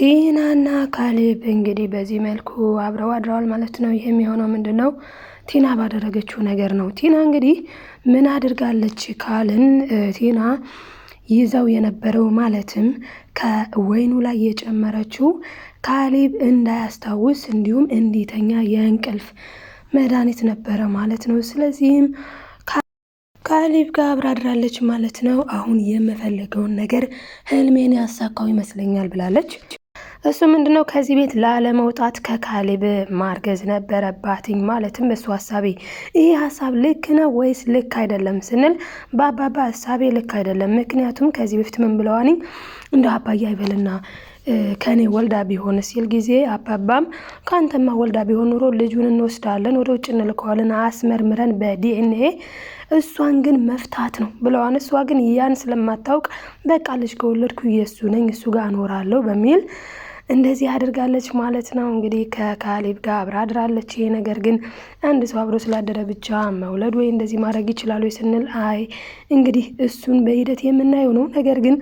ቲናና ካሌብ እንግዲህ በዚህ መልኩ አብረው አድረዋል ማለት ነው። ይህ የሚሆነው ምንድን ነው? ቲና ባደረገችው ነገር ነው። ቲና እንግዲህ ምን አድርጋለች ካልን ቲና ይዘው የነበረው ማለትም ከወይኑ ላይ የጨመረችው ካሌብ እንዳያስታውስ እንዲሁም እንዲተኛ የእንቅልፍ መድኃኒት ነበረ ማለት ነው። ስለዚህም ካሌብ ጋር አብራ አድራለች ማለት ነው። አሁን የምፈልገውን ነገር ህልሜን ያሳካው ይመስለኛል ብላለች። እሱ ምንድ ነው ከዚህ ቤት ላለመውጣት ከካሌብ ማርገዝ ነበረባትኝ። ማለትም እሱ ሀሳቤ ይህ ሀሳብ ልክ ነው ወይስ ልክ አይደለም ስንል በአባባ ሀሳቤ ልክ አይደለም። ምክንያቱም ከዚህ በፊት ምን ብለዋኒ እንደ አባያ ይበልና ከኔ ወልዳ ቢሆን ሲል ጊዜ አባባም ከአንተማ ወልዳ ቢሆን ኑሮ ልጁን እንወስዳለን፣ ወደ ውጭ እንልከዋለን አስመርምረን በዲኤንኤ እሷን ግን መፍታት ነው ብለዋን። እሷ ግን ያን ስለማታውቅ በቃ ልጅ ከወለድኩ የእሱ ነኝ እሱ ጋር እኖራለሁ በሚል እንደዚህ አድርጋለች ማለት ነው። እንግዲህ ከካሌብ ጋር አብራ አድራለች። ይሄ ነገር ግን አንድ ሰው አብሮ ስላደረ ብቻ መውለድ ወይ እንደዚህ ማድረግ ይችላሉ ስንል አይ እንግዲህ እሱን በሂደት የምናየው ነው። ነገር ግን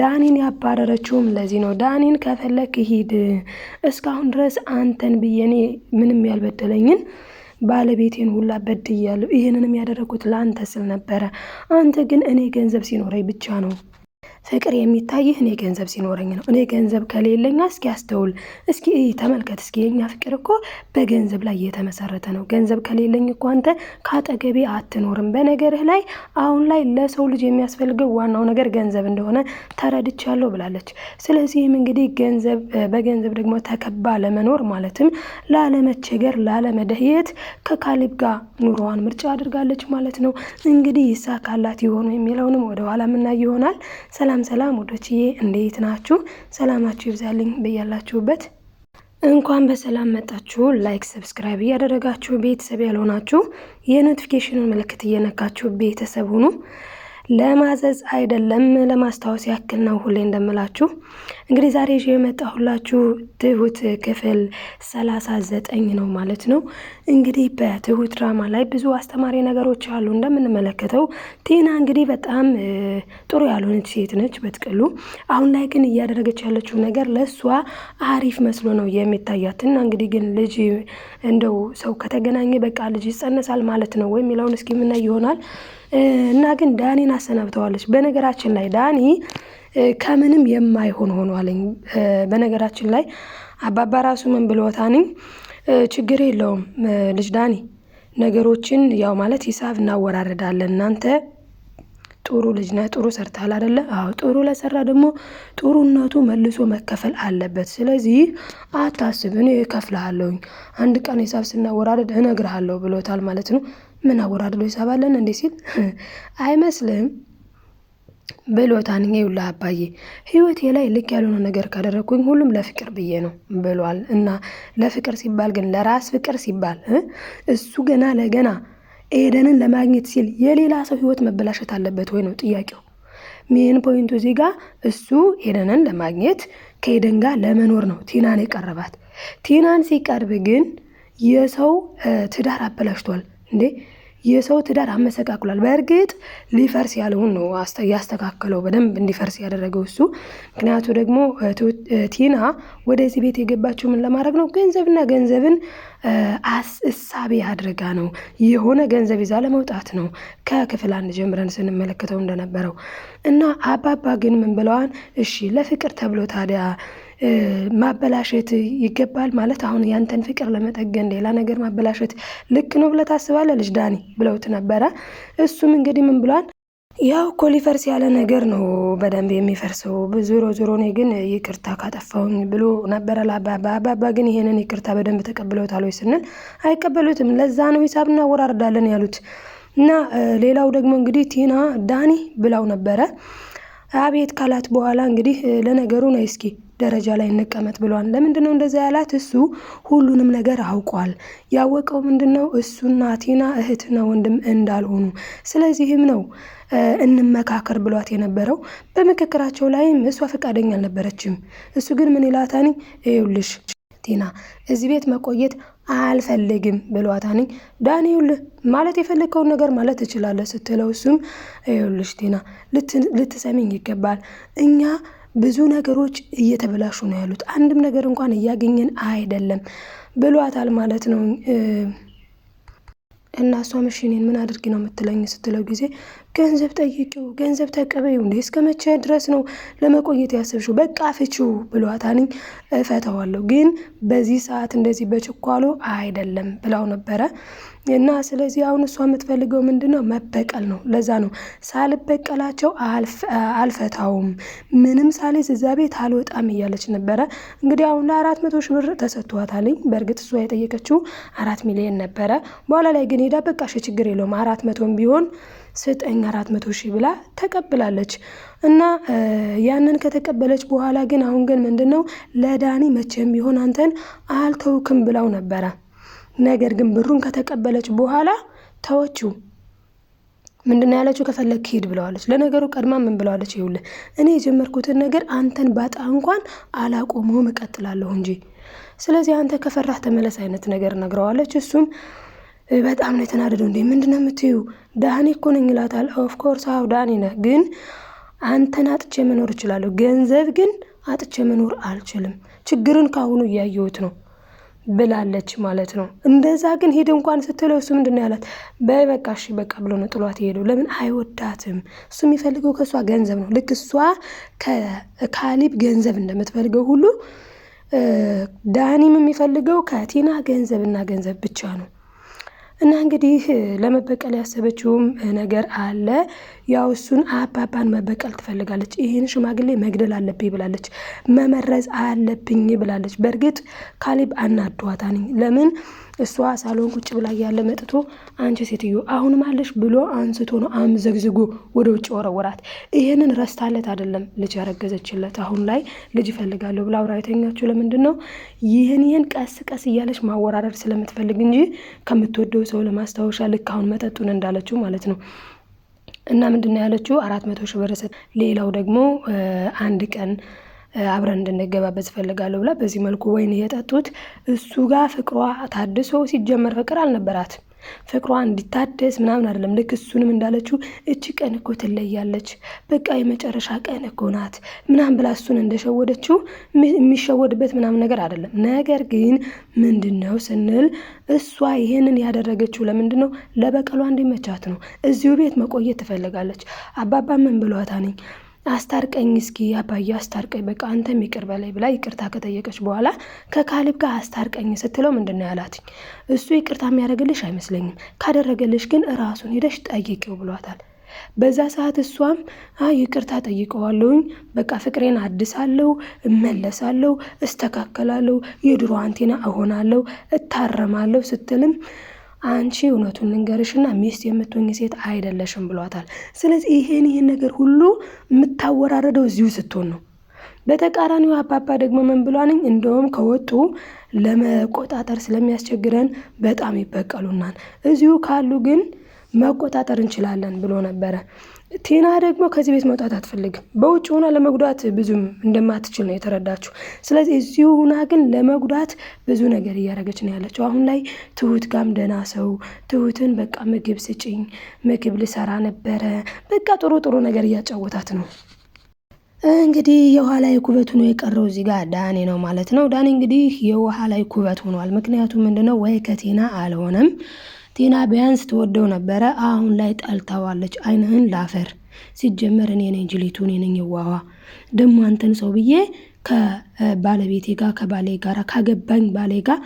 ዳኒን ያባረረችውም ለዚህ ነው። ዳኒን ከፈለክ ሂድ፣ እስካሁን ድረስ አንተን ብዬ እኔ ምንም ያልበደለኝን ባለቤቴን ሁላ በድያለሁ። ይህንንም ያደረኩት ለአንተ ስል ነበረ። አንተ ግን እኔ ገንዘብ ሲኖረኝ ብቻ ነው ፍቅር የሚታይህ እኔ ገንዘብ ሲኖረኝ ነው። እኔ ገንዘብ ከሌለኝ እስኪ አስተውል፣ እስኪ ተመልከት፣ እስኪ የኛ ፍቅር እኮ በገንዘብ ላይ የተመሰረተ ነው። ገንዘብ ከሌለኝ እኮ አንተ ካጠገቤ አትኖርም። በነገርህ ላይ አሁን ላይ ለሰው ልጅ የሚያስፈልገው ዋናው ነገር ገንዘብ እንደሆነ ተረድቻለሁ ብላለች። ስለዚህም እንግዲህ ገንዘብ በገንዘብ ደግሞ ተከባ ለመኖር ማለትም ላለመቸገር፣ ላለመደህየት ከካሊብ ጋር ኑሮዋን ምርጫ አድርጋለች ማለት ነው። እንግዲህ ይሳካላት ይሆኑ የሚለውንም ወደኋላ የምናይ ይሆናል። ሰላም ሰላም ሰላም ወዶችዬ እንዴት ናችሁ? ሰላማችሁ ይብዛልኝ በያላችሁበት። እንኳን በሰላም መጣችሁ። ላይክ ሰብስክራይብ እያደረጋችሁ ቤተሰብ ያልሆናችሁ የኖቲፊኬሽኑን ምልክት እየነካችሁ ቤተሰብ ሁኑ። ለማዘዝ አይደለም ለማስታወስ ያክል ነው። ሁሌ እንደምላችሁ እንግዲህ ዛሬ ይዤ የመጣሁላችሁ ትሁት ክፍል ሰላሳ ዘጠኝ ነው ማለት ነው። እንግዲህ በትሁት ድራማ ላይ ብዙ አስተማሪ ነገሮች አሉ። እንደምንመለከተው ቲና እንግዲህ በጣም ጥሩ ያልሆነች ሴት ነች በጥቅሉ። አሁን ላይ ግን እያደረገች ያለችው ነገር ለእሷ አሪፍ መስሎ ነው የሚታያት እና እንግዲህ ግን ልጅ እንደው ሰው ከተገናኘ በቃ ልጅ ይጸነሳል ማለት ነው ወይ የሚለውን እስኪ ምና ይሆናል። እና ግን ዳኒን አሰናብተዋለች። በነገራችን ላይ ዳኒ ከምንም የማይሆን ሆኗለኝ። በነገራችን ላይ አባባ ራሱ ምን ብሎታንኝ፣ ችግር የለውም ልጅ ዳኒ ነገሮችን ያው ማለት ሂሳብ እናወራረዳለን። እናንተ ጥሩ ልጅ ነህ፣ ጥሩ ሰርተሃል አይደለ? አዎ። ጥሩ ለሰራ ደግሞ ጥሩነቱ መልሶ መከፈል አለበት። ስለዚህ አታስብ፣ እኔ እከፍልሃለሁኝ። አንድ ቀን ሂሳብ ስናወራረድ እነግርሃለሁ ብሎታል ማለት ነው። አወራድሎ ይሳባለን እንዴ ሲል አይመስልም ብሎታን ይውላ አባዬ ህይወቴ ላይ ልክ ያልሆነ ነገር ካደረግኩኝ ሁሉም ለፍቅር ብዬ ነው ብሏል። እና ለፍቅር ሲባል ግን ለራስ ፍቅር ሲባል እሱ ገና ለገና ኤደንን ለማግኘት ሲል የሌላ ሰው ህይወት መበላሸት አለበት ወይ ነው ጥያቄው። ሜን ፖይንቱ እዚህ ጋር እሱ ኤደንን ለማግኘት ከኤደን ጋር ለመኖር ነው ቲናን የቀረባት። ቲናን ሲቀርብ ግን የሰው ትዳር አበላሽቷል። እንዴ የሰው ትዳር አመሰቃቅሏል። በእርግጥ ሊፈርስ ያለውን ነው ያስተካከለው፣ በደንብ እንዲፈርስ ያደረገው እሱ። ምክንያቱ ደግሞ ቲና ወደዚህ ቤት የገባችው ምን ለማድረግ ነው? ገንዘብና ገንዘብን እሳቤ አድርጋ ነው። የሆነ ገንዘብ ይዛ ለመውጣት ነው። ከክፍል አንድ ጀምረን ስንመለከተው እንደነበረው እና አባባ ግን ምን ብለዋን? እሺ ለፍቅር ተብሎ ታዲያ ማበላሸት ይገባል ማለት አሁን ያንተን ፍቅር ለመጠገን ሌላ ነገር ማበላሸት ልክ ነው ብለህ ታስባለህ ልጅ ዳኒ ብለውት ነበረ። እሱም እንግዲህ ምን ብሏል? ያው እኮ ሊፈርስ ያለ ነገር ነው በደንብ የሚፈርሰው። ዞሮ ዞሮ እኔ ግን ይቅርታ ካጠፋውኝ ብሎ ነበረ ለአባባ። አባባ ግን ይሄንን ይቅርታ በደንብ ተቀብለውታል ወይ ስንል አይቀበሉትም። ለዛ ነው ሂሳብ እናወራርዳለን ያሉት። እና ሌላው ደግሞ እንግዲህ ቲና ዳኒ ብላው ነበረ አቤት ካላት በኋላ እንግዲህ ለነገሩ ነው እስኪ ደረጃ ላይ እንቀመጥ ብሏል። ለምንድን ነው ያላት? እሱ ሁሉንም ነገር አውቋል። ያወቀው ምንድን ነው? እሱና ቲና እህትና ወንድም እንዳልሆኑ። ስለዚህም ነው እንመካከር ብሏት የነበረው። በምክክራቸው ላይም እሷ ፈቃደኛ አልነበረችም። እሱ ግን ምን ይላታኒ? ይውልሽ ቲና እዚህ ቤት መቆየት አልፈልግም ብሏታኒ። ዳኒ ማለት የፈለግከውን ነገር ማለት ትችላለህ ስትለው እሱም ይኸውልሽ ቲና ልትሰሚኝ ይገባል እኛ ብዙ ነገሮች እየተበላሹ ነው ያሉት። አንድም ነገር እንኳን እያገኘን አይደለም ብሏታል ማለት ነው። እና እሷ መሽኔን ምን አድርጊ ነው የምትለኝ ስትለው ጊዜ ገንዘብ ጠይቂው፣ ገንዘብ ተቀበዩ፣ እንዴ እስከ መቼ ድረስ ነው ለመቆየት ያሰብሽው? በቃ ፍቺው ብሏት እፈተዋለሁ፣ ግን በዚህ ሰዓት እንደዚህ በችኳሎ አይደለም ብላው ነበረ። እና ስለዚህ አሁን እሷ የምትፈልገው ምንድን ነው? መበቀል ነው። ለዛ ነው ሳልበቀላቸው አልፈታውም፣ ምንም ሳልይዝ እዛ ቤት አልወጣም እያለች ነበረ። እንግዲህ አሁን ለአራት መቶ ሺህ ብር ተሰጥቷታልኝ። በእርግጥ እሷ የጠየቀችው አራት ሚሊዮን ነበረ። በኋላ ላይ ግን ሄዳ በቃሽ ችግር የለውም አራት መቶም ቢሆን ስጠኝ አራት መቶ ሺህ ብላ ተቀብላለች። እና ያንን ከተቀበለች በኋላ ግን አሁን ግን ምንድን ነው ለዳኒ መቼም ቢሆን አንተን አልተውክም ብለው ነበረ። ነገር ግን ብሩን ከተቀበለች በኋላ ተወችው። ምንድን ነው ያለችው? ከፈለግ ሂድ ብለዋለች። ለነገሩ ቀድማ ምን ብለዋለች? ይውል እኔ የጀመርኩትን ነገር አንተን ባጣ እንኳን አላቆመውም እቀጥላለሁ እንጂ ስለዚህ አንተ ከፈራህ ተመለስ አይነት ነገር ነግረዋለች እሱም በጣም ነው የተናደደው። እንዴ ነው የምትዩ? ዳህኔ እኮ ነኝ ይላታል። ኦፍኮርስ አዎ ዳኔ ነህ፣ ግን አንተን አጥቼ መኖር እችላለሁ፣ ገንዘብ ግን አጥቼ መኖር አልችልም። ችግርን ካሁኑ እያየሁት ነው ብላለች ማለት ነው። እንደዛ ግን ሄድ እንኳን ስትለው እሱ ምንድን ነው ያላት? በይ በቃ እሺ በቃ ብሎ ነው ጥሏት የሄደው ለምን አይወዳትም። እሱ የሚፈልገው ከእሷ ገንዘብ ነው። ልክ እሷ ከካሊብ ገንዘብ እንደምትፈልገው ሁሉ ዳኒም የሚፈልገው ከቲና ገንዘብና ገንዘብ ብቻ ነው። እና እንግዲህ ለመበቀል ያሰበችውም ነገር አለ። ያው እሱን አባባን መበቀል ትፈልጋለች። ይህን ሽማግሌ መግደል አለብኝ ብላለች፣ መመረዝ አለብኝ ብላለች። በእርግጥ ካሌብ አናዷታኝ ለምን እሷ ሳሎን ቁጭ ብላ እያለ መጥቶ አንቺ ሴትዮ አሁንም አለሽ ብሎ አንስቶ ነው አምዘግዝጎ ወደ ውጭ ወረወራት። ይህንን ረስታለት አይደለም ልጅ ያረገዘችለት። አሁን ላይ ልጅ እፈልጋለሁ ብላ አውራ የተኛችው ለምንድን ነው? ይህን ይህን ቀስ ቀስ እያለች ማወራረድ ስለምትፈልግ እንጂ ከምትወደው ሰው ለማስታወሻ ልክ አሁን መጠጡን እንዳለችው ማለት ነው። እና ምንድን ነው ያለችው? አራት መቶ ሺህ ብር ሰጥ ሌላው ደግሞ አንድ ቀን አብረን እንድንገባበት እፈልጋለሁ ብላ በዚህ መልኩ ወይን የጠጡት እሱ ጋር ፍቅሯ ታድሶ ሲጀመር ፍቅር አልነበራት ፍቅሯ እንዲታደስ ምናምን አይደለም። ልክ እሱንም እንዳለችው እቺ ቀን እኮ ትለያለች፣ በቃ የመጨረሻ ቀን እኮ ናት ምናምን ብላ እሱን እንደሸወደችው የሚሸወድበት ምናምን ነገር አይደለም። ነገር ግን ምንድን ነው ስንል እሷ ይህንን ያደረገችው ለምንድን ነው? ለበቀሏ እንዲመቻት ነው። እዚሁ ቤት መቆየት ትፈልጋለች። አባባ ምን ብሏታ ነኝ አስታርቀኝ እስኪ አባዬ አስታርቀኝ፣ በቃ አንተም ይቅር በላይ ብላ ይቅርታ ከጠየቀች በኋላ ከካሊብ ጋር አስታርቀኝ ስትለው ምንድን ነው ያላትኝ? እሱ ይቅርታ የሚያደርግልሽ አይመስለኝም፣ ካደረገልሽ ግን ራሱን ሄደሽ ጠይቂው ብሏታል። በዛ ሰዓት እሷም ይቅርታ ጠይቀዋለሁኝ፣ በቃ ፍቅሬን አድሳለሁ፣ እመለሳለሁ፣ እስተካከላለሁ፣ የድሮ አንቴና እሆናለሁ፣ እታረማለሁ ስትልም አንቺ እውነቱን ልንገርሽና ሚስት የምትሆኝ ሴት አይደለሽም ብሏታል። ስለዚህ ይሄን ይሄን ነገር ሁሉ የምታወራረደው እዚሁ ስትሆን ነው። በተቃራኒው አባባ ደግሞ ምን ብሏንኝ? እንደውም ከወጡ ለመቆጣጠር ስለሚያስቸግረን በጣም ይበቀሉናል፣ እዚሁ ካሉ ግን መቆጣጠር እንችላለን ብሎ ነበረ። ቴና ደግሞ ከዚህ ቤት መውጣት አትፈልግም። በውጭ ሆና ለመጉዳት ብዙም እንደማትችል ነው የተረዳችው። ስለዚህ እዚሁ ሁና ግን ለመጉዳት ብዙ ነገር እያደረገች ነው ያለችው። አሁን ላይ ትሁት ጋም ደህና ሰው ትሁትን በቃ ምግብ ስጭኝ፣ ምግብ ልሰራ ነበረ፣ በቃ ጥሩ ጥሩ ነገር እያጫወታት ነው። እንግዲህ የውሃ ላይ ኩበት ሆኖ የቀረው እዚህ ጋር ዳኔ ነው ማለት ነው። ዳኔ እንግዲህ የውሃ ላይ ኩበት ሆኗል። ምክንያቱም ምንድነው ወይ ከቴና አልሆነም ቲና ቢያንስ ትወደው ነበረ፣ አሁን ላይ ጠልተዋለች። አይንህን ላፈር። ሲጀመር እኔ ነኝ ጅሊቱ፣ እኔ ነኝ ዋዋ። ደግሞ አንተን ሰው ብዬ ከባለቤቴ ጋር ከባሌ ጋር ካገባኝ ባሌ ጋር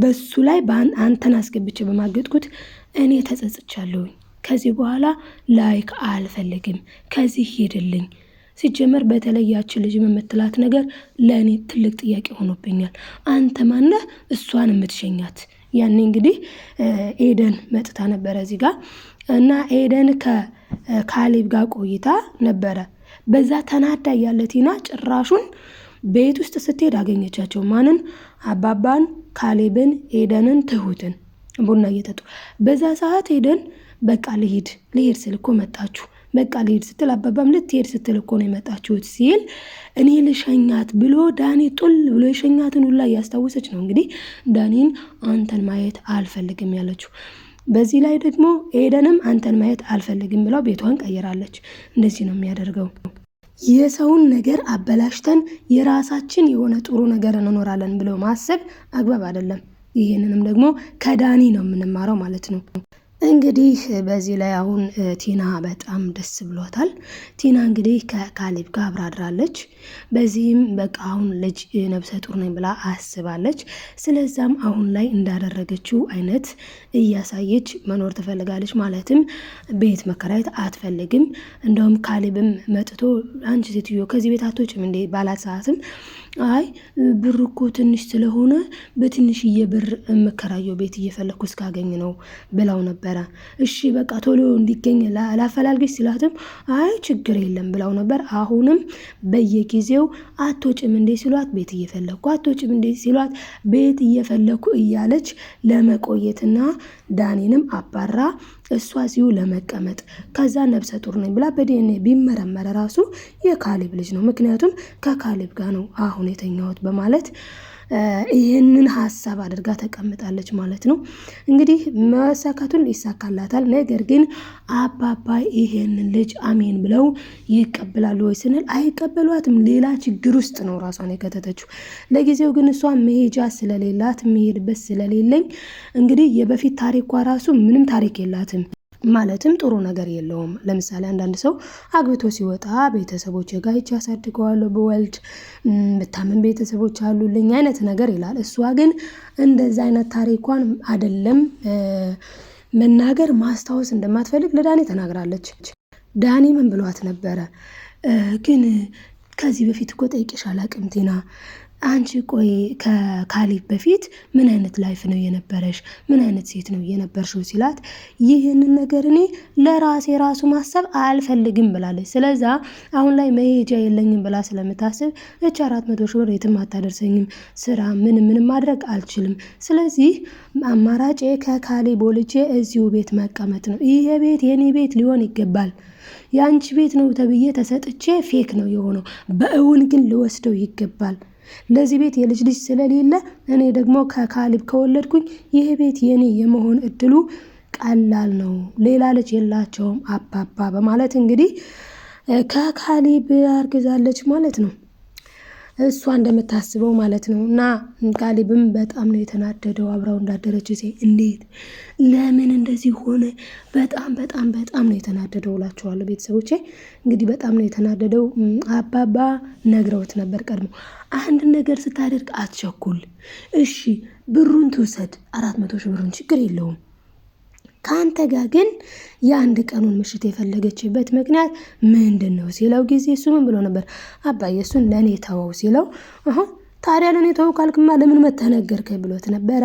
በሱ ላይ አንተን አስገብቼ በማገጥኩት እኔ ተጸጽቻለሁኝ። ከዚህ በኋላ ላይክ አልፈልግም፣ ከዚህ ሄድልኝ ሲጀመር በተለያችን ልጅ የምትላት ነገር ለእኔ ትልቅ ጥያቄ ሆኖብኛል። አንተ ማነህ እሷን የምትሸኛት? ያኔ እንግዲህ ኤደን መጥታ ነበረ እዚህ ጋር እና ኤደን ከካሌብ ጋር ቆይታ ነበረ። በዛ ተናዳ ያለ ቲና ጭራሹን ቤት ውስጥ ስትሄድ አገኘቻቸው። ማንን? አባባን፣ ካሌብን፣ ኤደንን፣ ትሁትን ቡና እየጠጡ በዛ ሰዓት ኤደን በቃ ልሂድ ልሄድ ስል መጣችሁ በቃ ልሄድ ስትል አባባም ልትሄድ ስትል እኮ ነው የመጣችሁት ሲል እኔ ልሸኛት ብሎ ዳኒ ጡል ብሎ የሸኛትን ሁላ እያስታወሰች ነው እንግዲህ ዳኒን አንተን ማየት አልፈልግም ያለችው። በዚህ ላይ ደግሞ ኤደንም አንተን ማየት አልፈልግም ብለው ቤቷን ቀይራለች። እንደዚህ ነው የሚያደርገው። የሰውን ነገር አበላሽተን የራሳችን የሆነ ጥሩ ነገር እንኖራለን ብሎ ማሰብ አግባብ አይደለም። ይህንንም ደግሞ ከዳኒ ነው የምንማረው ማለት ነው። እንግዲህ በዚህ ላይ አሁን ቲና በጣም ደስ ብሎታል። ቲና እንግዲህ ከካሌብ ጋር አብራ አድራለች። በዚህም በቃ አሁን ልጅ ነብሰ ጡር ነኝ ብላ አስባለች። ስለዛም አሁን ላይ እንዳደረገችው አይነት እያሳየች መኖር ትፈልጋለች። ማለትም ቤት መከራየት አትፈልግም። እንደውም ካሌብም መጥቶ አንቺ ሴትዮ ከዚህ ቤት አትወጭም እንዴ ባላት ሰዓትም አይ ብር እኮ ትንሽ ስለሆነ በትንሽዬ ብር የምከራየው ቤት እየፈለግኩ እስካገኝ ነው ብላው ነበረ። እሺ በቃ ቶሎ እንዲገኝ ላፈላልገች ሲላትም አይ ችግር የለም ብላው ነበር። አሁንም በየጊዜው አትወጭም እንዴ ሲሏት ቤት እየፈለግኩ አትወጭም እንዴ ሲሏት ቤት እየፈለግኩ እያለች ለመቆየትና ዳኔንም አባራ እሷ እዚሁ ለመቀመጥ ከዛ ነብሰ ጡር ነኝ ብላ በዲኤንኤ ቢመረመረ ራሱ የካሌብ ልጅ ነው፣ ምክንያቱም ከካሌብ ጋር ነው አሁን የተኛሁት በማለት ይህንን ሀሳብ አድርጋ ተቀምጣለች ማለት ነው። እንግዲህ መሳካቱን ይሳካላታል። ነገር ግን አባባ ይሄንን ልጅ አሜን ብለው ይቀበላሉ ወይ ስንል አይቀበሏትም። ሌላ ችግር ውስጥ ነው ራሷን የከተተችው። ለጊዜው ግን እሷ መሄጃ ስለሌላት መሄድበት ስለሌለኝ እንግዲህ የበፊት ታሪኳ ራሱ ምንም ታሪክ የላትም። ማለትም ጥሩ ነገር የለውም። ለምሳሌ አንዳንድ ሰው አግብቶ ሲወጣ ቤተሰቦች ጋር ሂጅ አሳድገዋለሁ ብወልድ ብታምን ቤተሰቦች አሉልኝ አይነት ነገር ይላል። እሷ ግን እንደዚ አይነት ታሪኳን አይደለም መናገር ማስታወስ እንደማትፈልግ ለዳኒ ተናግራለች። ዳኒ ምን ብሏት ነበረ? ግን ከዚህ በፊት እኮ ጠይቄሽ አላቅም ቲና አንቺ ቆይ ከካሊፍ በፊት ምን አይነት ላይፍ ነው የነበረሽ? ምን አይነት ሴት ነው የነበርሽው? ሲላት ይህንን ነገር እኔ ለራሴ ራሱ ማሰብ አልፈልግም ብላለች። ስለዛ አሁን ላይ መሄጃ የለኝም ብላ ስለምታስብ እች አራት መቶ ሺህ ብር የትም አታደርሰኝም፣ ስራ ምን ምን ማድረግ አልችልም። ስለዚህ አማራጭ ከካሌብ ወልጄ እዚሁ ቤት መቀመጥ ነው። ይሄ ቤት የኔ ቤት ሊሆን ይገባል። የአንቺ ቤት ነው ተብዬ ተሰጥቼ ፌክ ነው የሆነው። በእውን ግን ልወስደው ይገባል ለዚህ ቤት የልጅ ልጅ ስለሌለ እኔ ደግሞ ከካሊብ ከወለድኩኝ ይህ ቤት የኔ የመሆን እድሉ ቀላል ነው፣ ሌላ ልጅ የላቸውም አባባ በማለት እንግዲህ ከካሊብ አርግዛለች ማለት ነው። እሷ እንደምታስበው ማለት ነው። እና ቃሊብም በጣም ነው የተናደደው። አብራው እንዳደረች ሴ እንዴት ለምን እንደዚህ ሆነ? በጣም በጣም በጣም ነው የተናደደው እላቸዋለሁ። ቤተሰቦቼ እንግዲህ በጣም ነው የተናደደው። አባባ ነግረውት ነበር ቀድሞ አንድ ነገር ስታደርግ አትቸኩል፣ እሺ ብሩን ትውሰድ፣ አራት መቶ ሺህ ብሩን ችግር የለውም ከአንተ ጋር ግን የአንድ ቀኑን ምሽት የፈለገችበት ምክንያት ምንድን ነው ሲለው ጊዜ እሱ ምን ብሎ ነበር? አባዬ እሱን ለእኔ ተወው ሲለው ታዲያ ለእኔ ተወው ካልክማ ለምን መተነገርከ ብሎት ነበረ።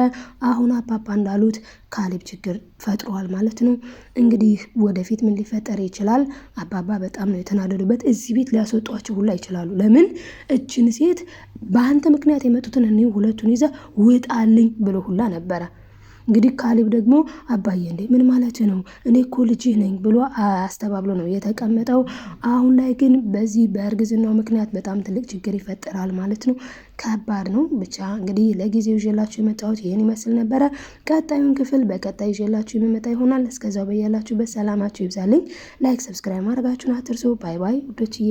አሁን አባባ እንዳሉት ካሌብ ችግር ፈጥሯል ማለት ነው። እንግዲህ ወደፊት ምን ሊፈጠር ይችላል? አባባ በጣም ነው የተናደዱበት። እዚህ ቤት ሊያስወጧቸው ሁላ ይችላሉ። ለምን እችን ሴት በአንተ ምክንያት የመጡትን እኔ ሁለቱን ይዘ ውጣልኝ ብሎ ሁላ ነበረ እንግዲህ ካሊብ ደግሞ አባዬ እንዴ ምን ማለት ነው? እኔ እኮ ልጅህ ነኝ ብሎ አስተባብሎ ነው የተቀመጠው። አሁን ላይ ግን በዚህ በእርግዝናው ምክንያት በጣም ትልቅ ችግር ይፈጠራል ማለት ነው። ከባድ ነው። ብቻ እንግዲህ ለጊዜው ይዤላችሁ የመጣሁት ይህን ይመስል ነበረ። ቀጣዩን ክፍል በቀጣይ ይዤላችሁ የምመጣ ይሆናል። እስከዛው በያላችሁ በሰላማችሁ ይብዛልኝ። ላይክ፣ ሰብስክራይብ ማድረጋችሁን አትርሱ። ባይ ባይ ውዶችዬ።